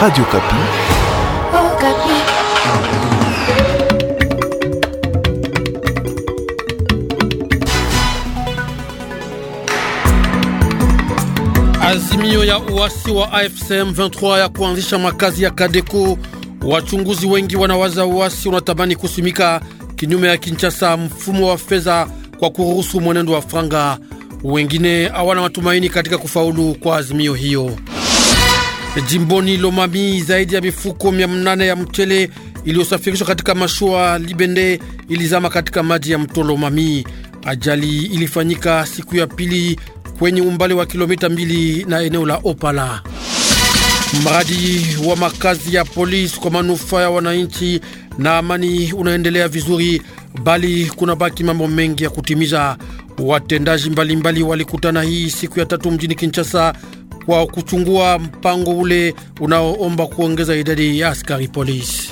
Radio Kapi. Oh, Kapi. Azimio ya uasi wa AFC M23 ya kuanzisha makazi ya Kadeko. Wachunguzi wengi wanawaza uasi unatamani kusimika kinyume ya Kinshasa mfumo wa fedha kwa kuruhusu mwenendo wa franga. Wengine hawana matumaini katika kufaulu kwa azimio hiyo. Jimboni Lomami, zaidi ya mifuko mia mnane ya mchele iliyosafirishwa katika mashua Libende ilizama katika maji ya mto Lomami. Ajali ilifanyika siku ya pili kwenye umbali wa kilomita mbili na eneo la Opala. Mradi wa makazi ya polisi kwa manufaa ya wananchi na amani unaendelea vizuri, bali kuna baki mambo mengi ya kutimiza. Watendaji mbalimbali mbali walikutana hii siku ya tatu mjini Kinshasa wa kuchungua mpango ule unaoomba kuongeza idadi ya askari polisi.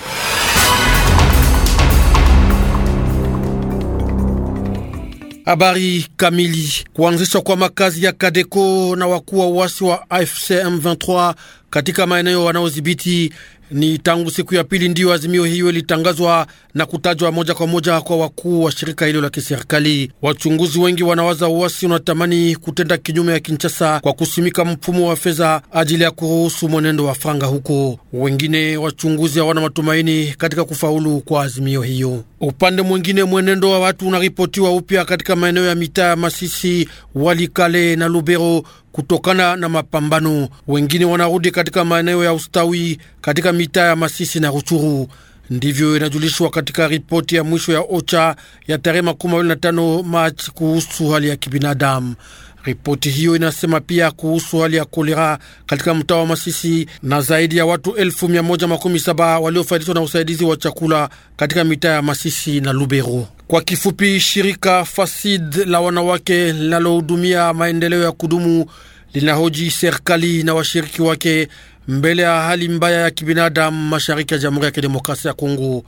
Habari kamili. Kuanzishwa kwa makazi ya Kadeko na wakuu wa uasi wa AFC M23 katika maeneo wanaodhibiti ni tangu siku ya pili ndiyo azimio hiyo ilitangazwa na kutajwa moja kwa moja kwa wakuu wa shirika hilo la kiserikali. Wachunguzi wengi wanawaza uasi unatamani kutenda kinyume ya Kinshasa kwa kusimika mfumo wa fedha ajili ya kuruhusu mwenendo wa franga huko. Wengine wachunguzi hawana matumaini katika kufaulu kwa azimio hiyo. Upande mwingine, mwenendo wa watu unaripotiwa upya katika maeneo ya mitaa ya Masisi, Walikale na Lubero kutokana na mapambano. Wengine wanarudi katika maeneo ya ustawi katika mitaa ya Masisi na Ruchuru. Ndivyo inajulishwa katika ripoti ya mwisho ya OCHA ya tarehe 25 Machi kuhusu hali ya kibinadamu. Ripoti hiyo inasema pia kuhusu hali ya kolera katika mtaa wa Masisi na zaidi ya watu 1117 waliofaidishwa na usaidizi wa chakula katika mitaa ya Masisi na Lubero. Kwa kifupi, shirika Fasid la wanawake linalohudumia maendeleo ya kudumu linahoji serikali na washiriki wake mbele ya hali mbaya ya kibinadamu mashariki ya Jamhuri ya Kidemokrasia ya Kongo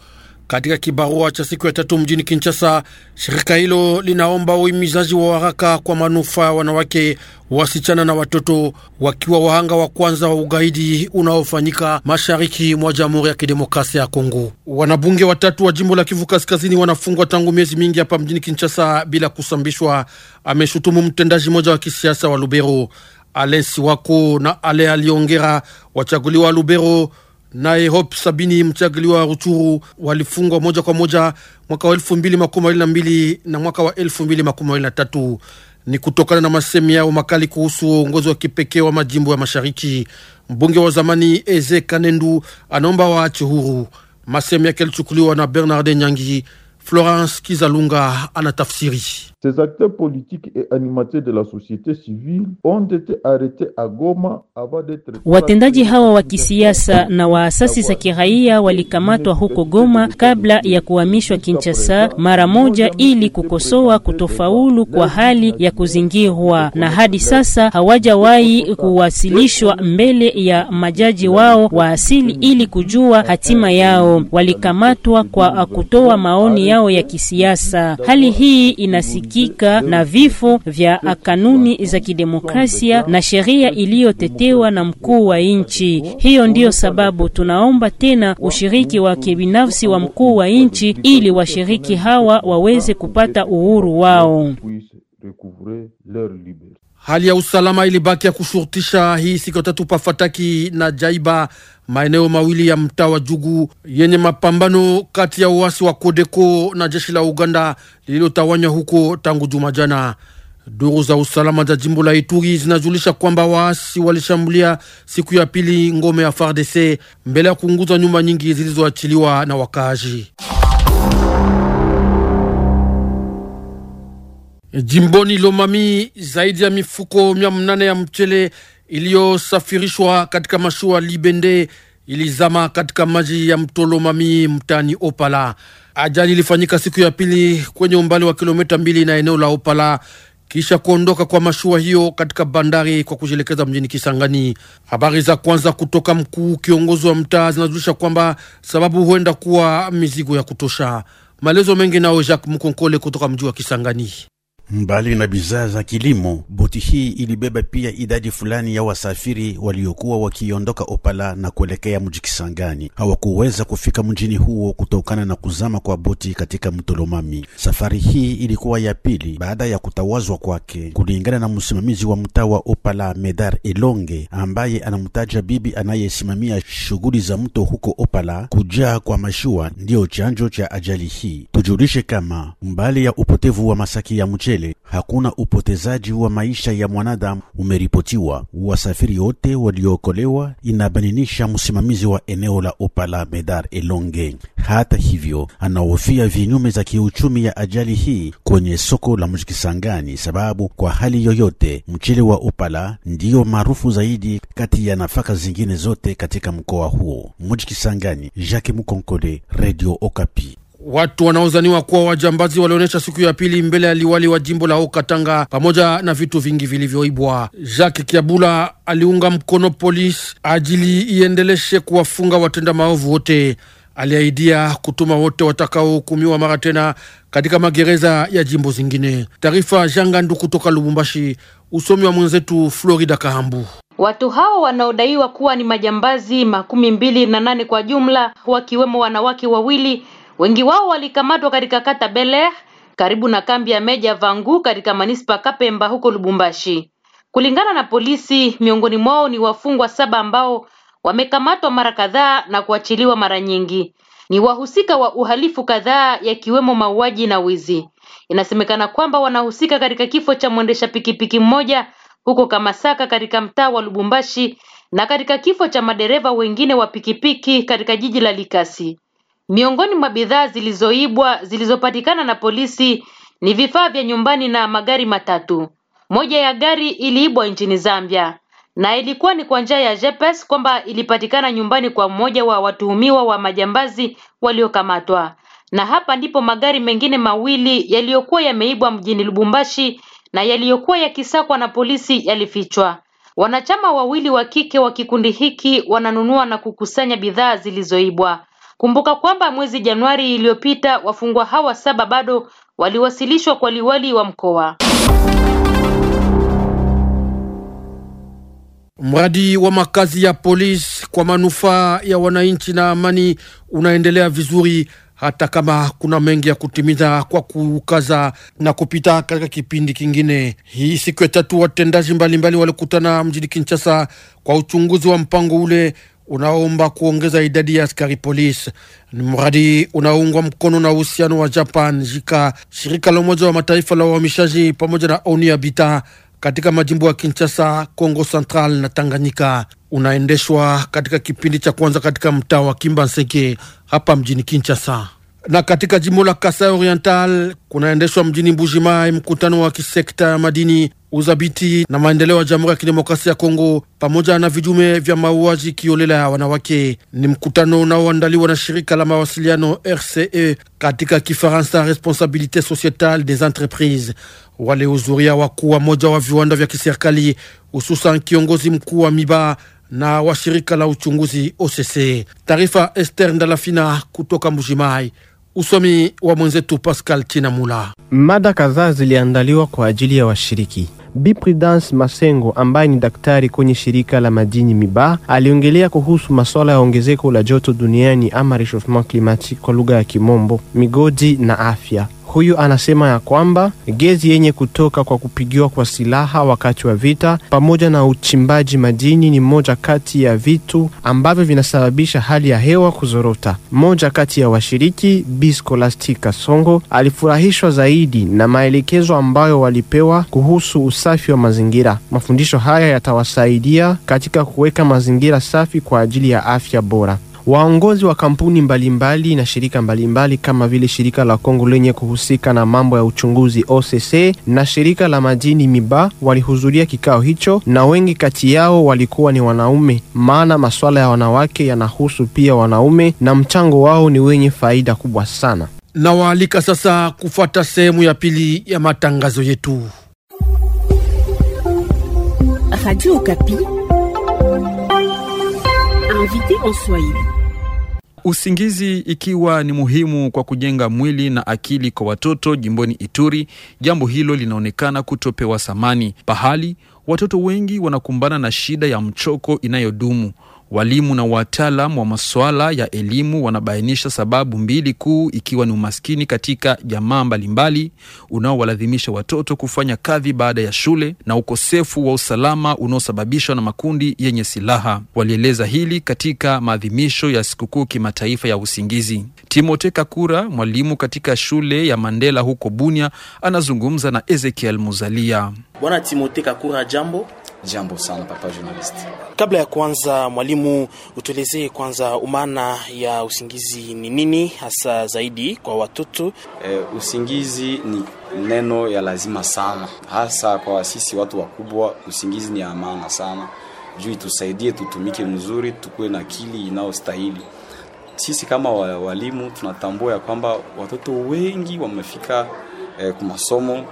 katika kibarua cha siku ya tatu mjini Kinshasa, shirika hilo linaomba uhimizaji wa haraka kwa manufaa ya wanawake, wasichana na watoto, wakiwa wahanga wa kwanza wa ugaidi unaofanyika mashariki mwa Jamhuri ya Kidemokrasia ya Kongo. Wanabunge watatu wa jimbo la Kivu Kaskazini wanafungwa tangu miezi mingi hapa mjini Kinshasa bila kusambishwa, ameshutumu mtendaji mmoja wa kisiasa wa Lubero. Alensi wako na Ale Aliongera, wachaguliwa wa Lubero naye Hope Sabini mchagiliwa Ruchuru walifungwa moja kwa moja mwaka wa elfu mbili makumi mawili na mbili na mwaka wa elfu mbili makumi mawili na tatu ni kutokana na masemi yao makali kuhusu uongozi wa kipekee wa majimbo ya mashariki. Mbunge wa zamani Eze Kanendu anaomba waache huru. Masemi yake yalichukuliwa na Bernarde Nyangi. Florence Kizalunga anatafsiri. Ces acteurs politiques et animateurs de la société civile ont été arrêtés à Goma avant d'être. Watendaji hawa wa kisiasa na waasasi za kiraia walikamatwa huko Goma kabla ya kuhamishwa Kinshasa mara moja, ili kukosoa kutofaulu kwa hali ya kuzingirwa, na hadi sasa hawajawahi kuwasilishwa mbele ya majaji wao wa asili ili kujua hatima yao. Walikamatwa kwa kutoa maoni yao ya kisiasa. Hali hii inasi kuepukika na vifo vya kanuni za kidemokrasia na sheria iliyotetewa na mkuu wa nchi. Hiyo ndiyo sababu tunaomba tena ushiriki wa kibinafsi wa mkuu wa nchi ili washiriki hawa waweze kupata uhuru wao. Hali ya usalama ilibaki ya kushurutisha hii siku tatu Pafataki na Jaiba, maeneo mawili ya mtaa wa Jugu yenye mapambano kati ya uasi wa Kodeko na jeshi la Uganda lililotawanywa huko tangu juma jana. Duru za usalama za jimbo la Ituri zinajulisha kwamba waasi walishambulia siku ya pili ngome ya FARDC mbele ya kuunguza nyumba nyingi zilizoachiliwa na wakaaji. Jimboni Lomami, zaidi ya mifuko mia mnane ya mchele iliyosafirishwa katika mashua Libende ilizama katika maji ya mto Lomami mtani Opala. Ajali ilifanyika siku ya pili kwenye umbali wa kilomita mbili na eneo la Opala kisha kuondoka kwa mashua hiyo katika bandari kwa kujielekeza mjini Kisangani. Habari za kwanza kutoka mkuu kiongozi wa mtaa zinajulisha kwamba sababu huenda kuwa mizigo ya kutosha. Maelezo mengi nao Jacques Mkonkole kutoka mji wa Kisangani. Mbali na bidhaa za kilimo, boti hii ilibeba pia idadi fulani ya wasafiri waliokuwa wakiondoka Opala na kuelekea mji Kisangani. Hawakuweza kufika mjini huo kutokana na kuzama kwa boti katika mto Lomami. Safari hii ilikuwa ya pili baada ya kutawazwa kwake, kulingana na msimamizi wa mtaa wa Opala Medar Elonge, ambaye anamtaja bibi anayesimamia shughuli za mto huko Opala. Kujaa kwa mashua ndiyo chanjo cha ajali hii. Tujulishe kama mbali ya upotevu wa masaki ya mche mbele, hakuna upotezaji wa maisha ya mwanadamu umeripotiwa. Wasafiri wote waliookolewa, inabainisha msimamizi wa eneo la Opala Medar Elonge. Hata hivyo, anahofia vinyume za kiuchumi ya ajali hii kwenye soko la Mjikisangani, sababu kwa hali yoyote mchele wa Opala ndiyo maarufu zaidi kati ya nafaka zingine zote katika mkoa huo. Mjikisangani, Jacques Mukonkole, Radio Okapi. Watu wanaozaniwa kuwa wajambazi walionyesha siku ya pili mbele ya liwali wa jimbo la okatanga pamoja na vitu vingi vilivyoibwa. Jacques Kiabula aliunga mkono polisi ajili iendeleshe kuwafunga watenda maovu wote. Aliahidia kutuma wote watakaohukumiwa mara tena katika magereza ya jimbo zingine. Taarifa Jangandu kutoka Lubumbashi, usomi wa mwenzetu Florida Kahambu. Watu hao wanaodaiwa kuwa ni majambazi makumi mbili na nane kwa jumla, wakiwemo wanawake wawili Wengi wao walikamatwa katika kata Belehe karibu na kambi ya Meja Vangu katika manispa Kapemba huko Lubumbashi. Kulingana na polisi, miongoni mwao ni wafungwa saba ambao wamekamatwa mara kadhaa na kuachiliwa mara nyingi. Ni wahusika wa uhalifu kadhaa yakiwemo mauaji na wizi. Inasemekana kwamba wanahusika katika kifo cha mwendesha pikipiki mmoja huko Kamasaka katika mtaa wa Lubumbashi na katika kifo cha madereva wengine wa pikipiki katika jiji la Likasi. Miongoni mwa bidhaa zilizoibwa zilizopatikana na polisi ni vifaa vya nyumbani na magari matatu. Moja ya gari iliibwa nchini Zambia na ilikuwa ni kwa njia ya GPS kwamba ilipatikana nyumbani kwa mmoja wa watuhumiwa wa majambazi waliokamatwa. Na hapa ndipo magari mengine mawili yaliyokuwa yameibwa mjini Lubumbashi na yaliyokuwa yakisakwa na polisi yalifichwa. Wanachama wawili wa kike wa kikundi hiki wananunua na kukusanya bidhaa zilizoibwa. Kumbuka kwamba mwezi Januari iliyopita wafungwa hawa saba bado waliwasilishwa kwa Liwali wa mkoa. Mradi wa makazi ya polisi kwa manufaa ya wananchi na amani unaendelea vizuri hata kama kuna mengi ya kutimiza kwa kukaza na kupita katika kipindi kingine. Hii siku ya tatu watendaji mbalimbali walikutana mjini Kinshasa kwa uchunguzi wa mpango ule unaomba kuongeza idadi ya askari polisi. Ni mradi unaungwa mkono na uhusiano wa Japan, JICA, shirika la Umoja wa Mataifa la uhamishaji pamoja na ONU Habitat katika majimbo ya Kinshasa, congo Central na Tanganyika. Unaendeshwa katika kipindi cha kwanza katika mtaa wa Kimbanseke hapa mjini Kinshasa. Na katika jimbo la Kasai Oriental kunaendeshwa mjini mbujimai mkutano wa kisekta ya madini, udhabiti na maendeleo ya Jamhuri ya Kidemokrasia ya Kongo pamoja na vijume vya mauaji kiolela ya wanawake. Ni mkutano unaoandaliwa na shirika la mawasiliano RCE katika Kifaransa, Responsabilité Sociétale des entreprises. Walihudhuria wakuu wa moja wa viwanda vya kiserikali, hususan kiongozi mkuu wa Miba na washirika la uchunguzi OCC. Taarifa Esther Ndalafina kutoka Mbujimai. Usomi wa mwenzetu Pascal Chinamula. Mada kadhaa ziliandaliwa kwa ajili ya washiriki. Bi Prudence Masengo ambaye ni daktari kwenye shirika la madini Miba aliongelea kuhusu masuala ya ongezeko la joto duniani ama rechauffement climatique kwa lugha ya Kimombo, migodi na afya. Huyu anasema ya kwamba gezi yenye kutoka kwa kupigiwa kwa silaha wakati wa vita pamoja na uchimbaji madini ni moja kati ya vitu ambavyo vinasababisha hali ya hewa kuzorota. Mmoja kati ya washiriki Biskolastika Songo alifurahishwa zaidi na maelekezo ambayo walipewa kuhusu usafi wa mazingira. Mafundisho haya yatawasaidia katika kuweka mazingira safi kwa ajili ya afya bora. Waongozi wa kampuni mbalimbali mbali na shirika mbalimbali mbali kama vile shirika la Kongo lenye kuhusika na mambo ya uchunguzi OCC na shirika la majini MIBA walihudhuria kikao hicho, na wengi kati yao walikuwa ni wanaume, maana masuala ya wanawake yanahusu pia wanaume na mchango wao ni wenye faida kubwa sana. Nawaalika sasa kufuata sehemu ya pili ya matangazo yetu. Radio Okapi. Invité en Swahili. Usingizi ikiwa ni muhimu kwa kujenga mwili na akili kwa watoto jimboni Ituri, jambo hilo linaonekana kutopewa thamani, pahali watoto wengi wanakumbana na shida ya mchoko inayodumu. Walimu na wataalam wa masuala ya elimu wanabainisha sababu mbili kuu, ikiwa ni umaskini katika jamaa mbalimbali unaowalazimisha watoto kufanya kazi baada ya shule na ukosefu wa usalama unaosababishwa na makundi yenye silaha. Walieleza hili katika maadhimisho ya sikukuu kimataifa ya usingizi. Timote Kakura, mwalimu katika shule ya Mandela huko Bunia, anazungumza na Ezekiel Muzalia. Bwana Timote Kakura, jambo. Jambo sana papa journalist. Kabla ya kuanza, mwalimu, utuelezee kwanza umana ya usingizi ni nini hasa zaidi kwa watoto? E, usingizi ni neno ya lazima sana, hasa kwa sisi watu wakubwa. Usingizi ni amana sana juu itusaidie tutumike mzuri, tukuwe na akili inayostahili. Sisi kama walimu tunatambua ya kwamba watoto wengi wamefika e, kwa masomo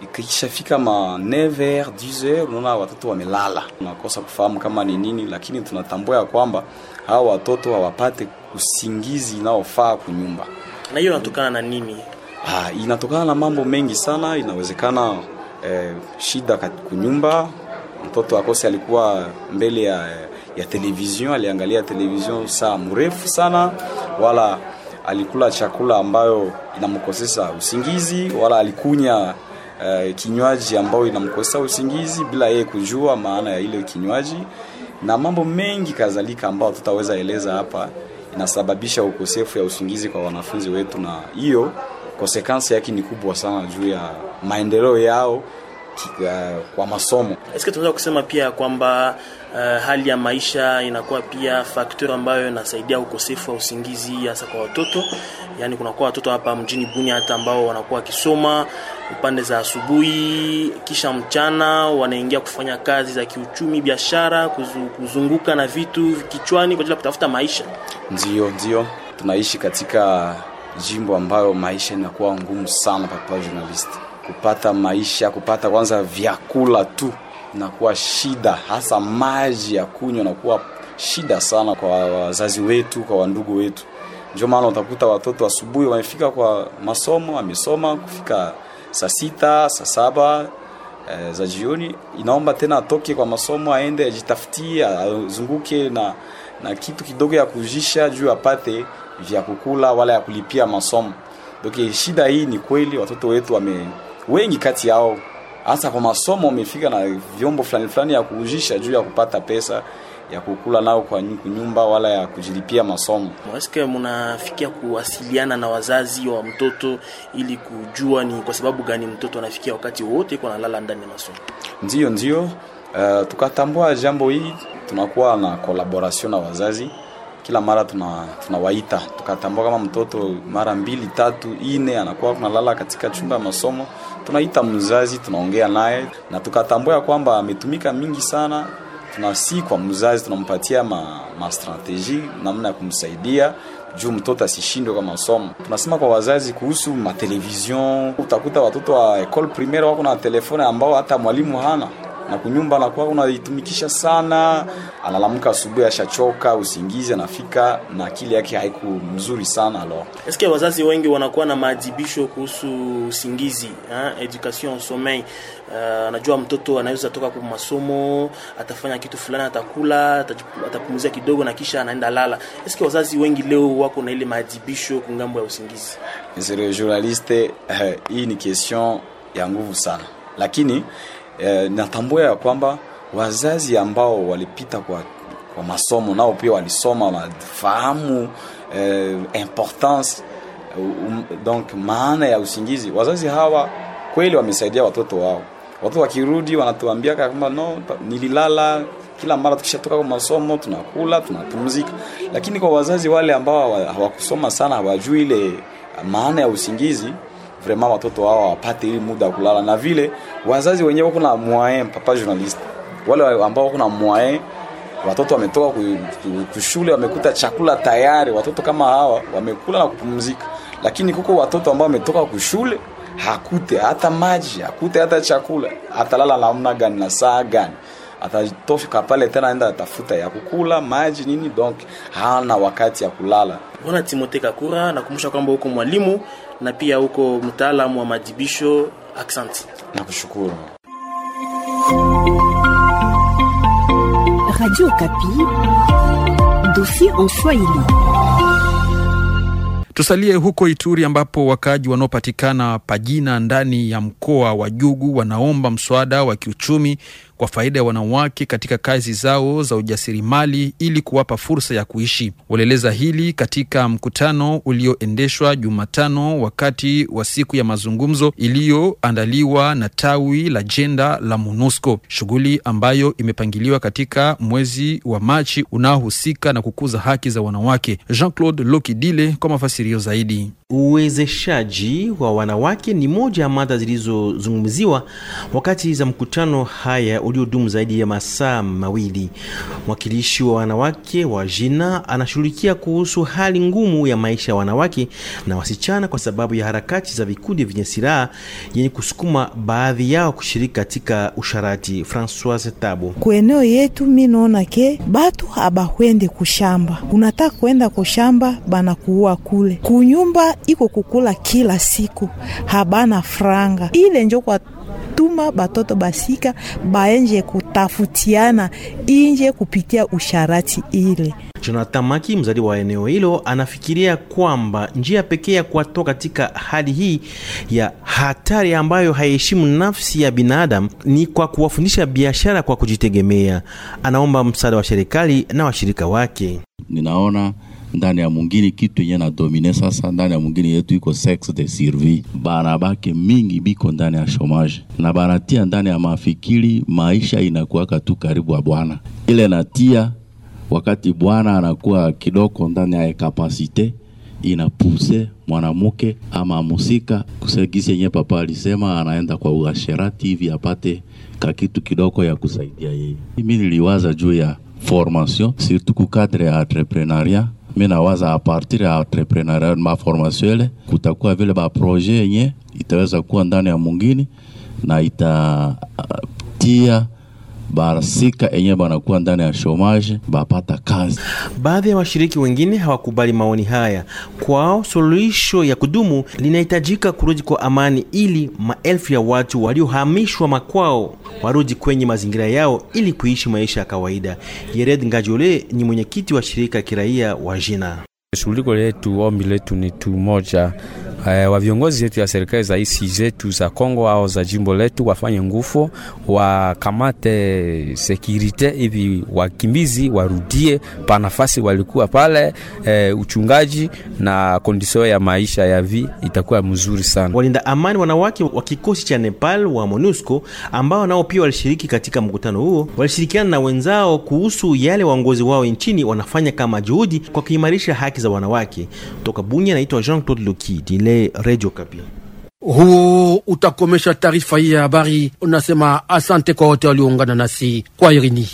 Ikishafika ma 9h 10h unaona watoto wamelala, unakosa kufahamu kama ni nini, lakini tunatambua ya kwamba hawa watoto hawapate usingizi inaofaa kunyumba. Na hiyo inatokana na nini? Ha, inatokana na mambo mengi sana. Inawezekana eh, shida kunyumba, mtoto akose alikuwa mbele ya, ya televizion aliangalia televizion saa mrefu sana, wala alikula chakula ambayo inamkosesa usingizi, wala alikunya uh, kinywaji ambayo inamkosa usingizi bila yeye kujua maana ya ile kinywaji na mambo mengi kadhalika ambayo tutaweza eleza hapa inasababisha ukosefu ya usingizi kwa wanafunzi wetu, na hiyo konsekansi yake ni kubwa sana juu ya maendeleo yao Uh, kwa masomo. Eske tunaweza kusema pia kwamba uh, hali ya maisha inakuwa pia faktori ambayo inasaidia ukosefu wa usingizi hasa kwa watoto. Yaani kunakuwa watoto hapa mjini Bunia hata ambao wanakuwa wakisoma upande za asubuhi kisha mchana wanaingia kufanya kazi za kiuchumi, biashara, kuzunguka na vitu kichwani kwa ajili ya kutafuta maisha. Ndio, ndio. Tunaishi katika jimbo ambayo maisha inakuwa ngumu sana papa journalist kupata maisha, kupata kwanza vyakula tu inakuwa shida, hasa maji ya kunywa inakuwa shida sana kwa wazazi wetu, kwa wandugu wetu. Ndio maana utakuta watoto asubuhi wamefika kwa masomo, wamesoma kufika saa sita, saa saba e, za jioni, inaomba tena atoke kwa masomo aende ajitafutie, azunguke na na kitu kidogo ya kujisha juu apate vya kukula wala ya kulipia masomo. Doki shida hii ni kweli, watoto wetu wame wengi kati yao hasa kwa masomo wamefika na vyombo fulani fulani ya kuujisha juu ya kupata pesa ya kukula nao kwa nyumba wala ya kujilipia masomo. Eske mnafikia kuwasiliana na wazazi wa mtoto ili kujua ni kwa sababu gani mtoto anafikia wakati wote iko analala ndani ya masomo? ndio ndio Uh, tukatambua jambo hii, tunakuwa na collaboration na wazazi kila mara tuna tunawaita tukatambua kama mtoto mara mbili tatu ine anakuwa kunalala katika chumba ya masomo, tunaita mzazi, tunaongea naye na tukatambua kwamba ametumika mingi sana. Tunasi kwa mzazi tunampatia ma, ma strategie namna ya kumsaidia juu mtoto asishindwe kwa masomo. Tunasema kwa wazazi kuhusu matelevision utakuta watoto wa ecole primaire wako na telefone ambao hata mwalimu hana na kunyumba na kwa unaitumikisha sana, analamka asubuhi ashachoka usingizi, anafika na akili yake haiku mzuri sana. lo. eske wazazi wengi wanakuwa na maadhibisho kuhusu usingizi education sommeil. Uh, anajua mtoto anaweza toka kwa masomo, atafanya kitu fulani, atakula, atapumzia kidogo na kisha anaenda lala. Eske wazazi wengi leo wako na ile maadhibisho kungambo ya usingizi? Monsieur le journaliste, eh, hii ni question ya nguvu sana lakini e, natambua ya kwamba wazazi ambao walipita kwa, kwa masomo nao pia walisoma wanafahamu e, eh, importance um, donc maana ya usingizi. Wazazi hawa kweli wamesaidia watoto wao. Watoto wakirudi wanatuambia kwamba no, nililala kila mara tukishatoka kwa masomo tunakula tunapumzika. Lakini kwa wazazi wale ambao hawakusoma sana, hawajui ile maana ya usingizi, vrema watoto hawa wapate hii muda wa kulala, na vile wazazi wenyewe wako na moyen, papa journalist, wale ambao wako na moyen watoto wametoka kushule wamekuta chakula tayari, watoto kama hawa wamekula na kupumzika. Lakini kuko watoto ambao wametoka kushule hakute hata maji, hakute hata chakula, atalala namna gani na saa gani? Atatofika pale tena aenda atafuta ya kukula maji nini, donc hana wakati ya kulala. Bwana Timote Kakura, nakumbusha kwamba huko mwalimu na pia huko mtaalamu wa majibisho. Aksanti na kushukuru. Radio Kapi, dossier en Swahili. Tusalie huko Ituri ambapo wakaaji wanaopatikana Pajina ndani ya mkoa wa Jugu wanaomba mswada wa kiuchumi kwa faida ya wanawake katika kazi zao za ujasiriamali ili kuwapa fursa ya kuishi. Walieleza hili katika mkutano ulioendeshwa Jumatano wakati wa siku ya mazungumzo iliyoandaliwa na tawi la jenda la MONUSCO, shughuli ambayo imepangiliwa katika mwezi wa Machi unaohusika na kukuza haki za wanawake. Jean Claude Lokidile kwa mafasirio zaidi. Uwezeshaji wa wanawake ni moja ya mada zilizozungumziwa wakati za mkutano haya uliodumu zaidi ya masaa mawili. Mwakilishi wa wanawake wa Jina anashughulikia kuhusu hali ngumu ya maisha ya wanawake na wasichana kwa sababu ya harakati za vikundi vyenye silaha yenye kusukuma baadhi yao kushiriki katika usharati. Francois Tabo: kueneo yetu mi naona ke batu habahwende kushamba, unataka kwenda kushamba banakuua kule kunyumba iko kukula kila siku, habana franga ile njo kwa tuma batoto basika baenje kutafutiana inje kupitia usharati ile. Jonathan Maki, mzali wa eneo hilo, anafikiria kwamba njia pekee ya kuwatoa katika hali hii ya hatari ambayo haiheshimu nafsi ya binadamu ni kwa kuwafundisha biashara kwa kujitegemea. Anaomba msaada wa serikali na washirika wake. Ninaona ndani ya mwingine kitu yenye na domine sasa ndani ya mwingine yetu iko sex de survie, bake mingi biko ndani ya shomaje na banatia ndani ya mafikiri, maisha inakuwaka tu karibu ya Bwana ile natia wakati Bwana anakuwa kidoko ndani ya ina inapuse mwanamke ama musika kusegisi yenye papa alisema anaenda kwa uasherati hivi apate kakitu kidogo ya kusaidia yeye. Mimi niliwaza juu ya formation surtout ku cadre ya mi nawaza apartir partir ya entrepreneuriat formation ile kutakuwa vile baproje yenye itaweza kuwa ndani ya mungini na itatia uh, barasika enye banakuwa ndani ya shomaje bapata kazi. Baadhi ya washiriki wengine hawakubali maoni haya. Kwao suluhisho ya kudumu linahitajika kurudi kwa amani, ili maelfu ya watu waliohamishwa makwao warudi kwenye mazingira yao ili kuishi maisha ya kawaida. Yered Ngajole ni mwenyekiti wa shirika kiraia wa Jina. Shughuli letu, ombi letu ni tu moja eh, wa viongozi yetu ya serikali za isi zetu za Kongo au za jimbo letu wafanye ngufu wakamate sekirite hivi wakimbizi warudie pa nafasi walikuwa pale. Eh, uchungaji na kondisio ya maisha ya vi itakuwa mzuri sana. Walinda amani wanawake wa kikosi cha Nepal wa MONUSCO ambao nao pia walishiriki katika mkutano huo, walishirikiana na wenzao kuhusu yale waongozi wao nchini wanafanya kama juhudi kwa kuimarisha haki za wanawake. Toka Bunya, naitwa Jean Claude Lukidi ile Radio Kapi. Huu utakomesha taarifa hii ya habari. Unasema asante kwa wote walioungana nasi kwa irini.